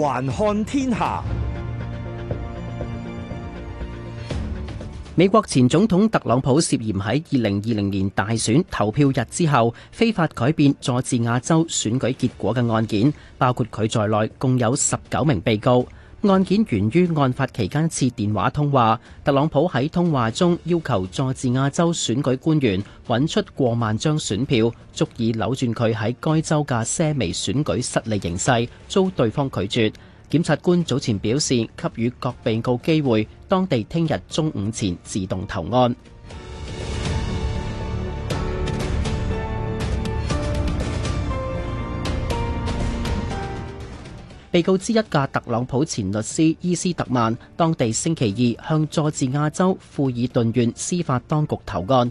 環看天下，美國前總統特朗普涉嫌喺二零二零年大選投票日之後非法改變佐治亞州選舉結果嘅案件，包括佢在內共有十九名被告。案件源於案發期間一次電話通話，特朗普喺通話中要求佐治亞州選舉官員揾出過萬張選票，足以扭轉佢喺該州嘅些微選舉失利形勢，遭對方拒絕。檢察官早前表示，給予各被告機會當地聽日中午前自動投案。被告之一嘅特朗普前律師伊斯特曼，當地星期二向佐治亞州富爾頓縣司法當局投案。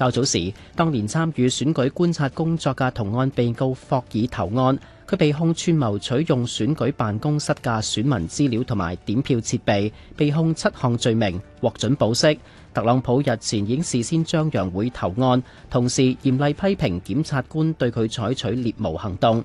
較早時，當年參與選舉觀察工作嘅同案被告霍爾投案，佢被控串謀取用選舉辦公室嘅選民資料同埋點票設備，被控七項罪名，獲准保釋。特朗普日前已經事先張揚會投案，同時嚴厲批評檢察官對佢採取獵巫行動。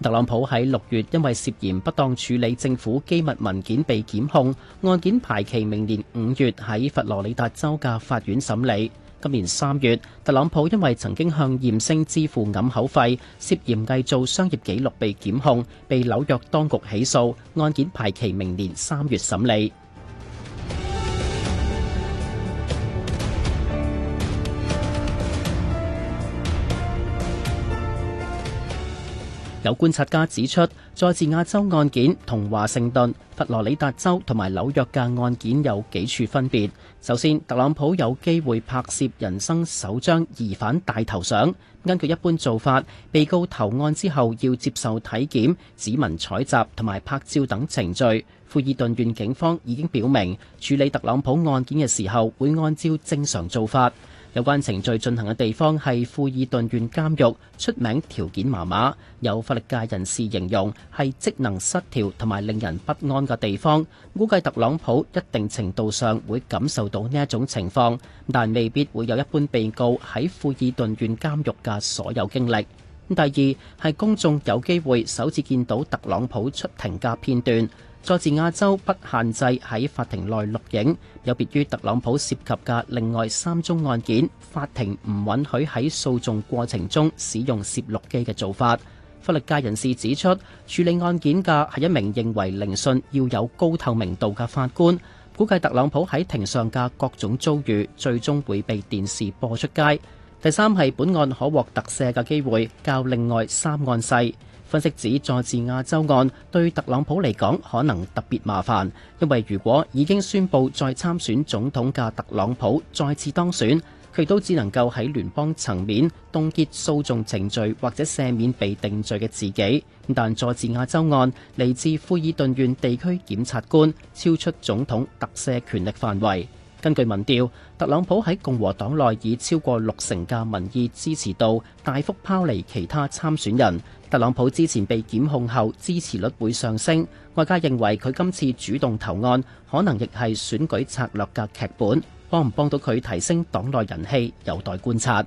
特朗普喺六月因為涉嫌不當處理政府機密文件被檢控，案件排期明年五月喺佛羅里達州嘅法院審理。今年三月，特朗普因為曾經向艷星支付掩口費，涉嫌偽造商業紀錄被檢控，被紐約當局起訴，案件排期明年三月審理。有觀察家指出，佐治亞州案件同華盛頓、佛羅里達州同埋紐約嘅案件有幾處分別。首先，特朗普有機會拍攝人生首張疑犯大頭相。根據一般做法，被告投案之後要接受體檢、指紋採集同埋拍照等程序。富爾頓縣警方已經表明，處理特朗普案件嘅時候會按照正常做法。有關程序進行嘅地方係富爾頓縣監獄，出名條件麻麻，有法律界人士形容係職能失調同埋令人不安嘅地方。估計特朗普一定程度上會感受到呢種情況，但未必會有一般被告喺富爾頓縣監獄嘅所有經歷。第二係公眾有機會首次見到特朗普出庭嘅片段。佐治亞州不限制喺法庭內錄影，有別於特朗普涉及嘅另外三宗案件，法庭唔允許喺訴訟過程中使用攝錄機嘅做法。法律界人士指出，處理案件嘅係一名認為聆訊要有高透明度嘅法官，估計特朗普喺庭上嘅各種遭遇最終會被電視播出街。第三係本案可獲特赦嘅機會較另外三案細。分析指，佐治亞州案對特朗普嚟講可能特別麻煩，因為如果已經宣布再參選總統嘅特朗普再次當選，佢都只能夠喺聯邦層面凍結訴訟程序或者赦免被定罪嘅自己。但佐治亞州案嚟自富爾頓縣地區檢察官，超出總統特赦權力範圍。根據民調，特朗普喺共和黨內以超過六成嘅民意支持度，大幅拋離其他參選人。特朗普之前被檢控後，支持率會上升，外界認為佢今次主動投案，可能亦係選舉策略嘅劇本，幫唔幫到佢提升黨內人氣，有待觀察。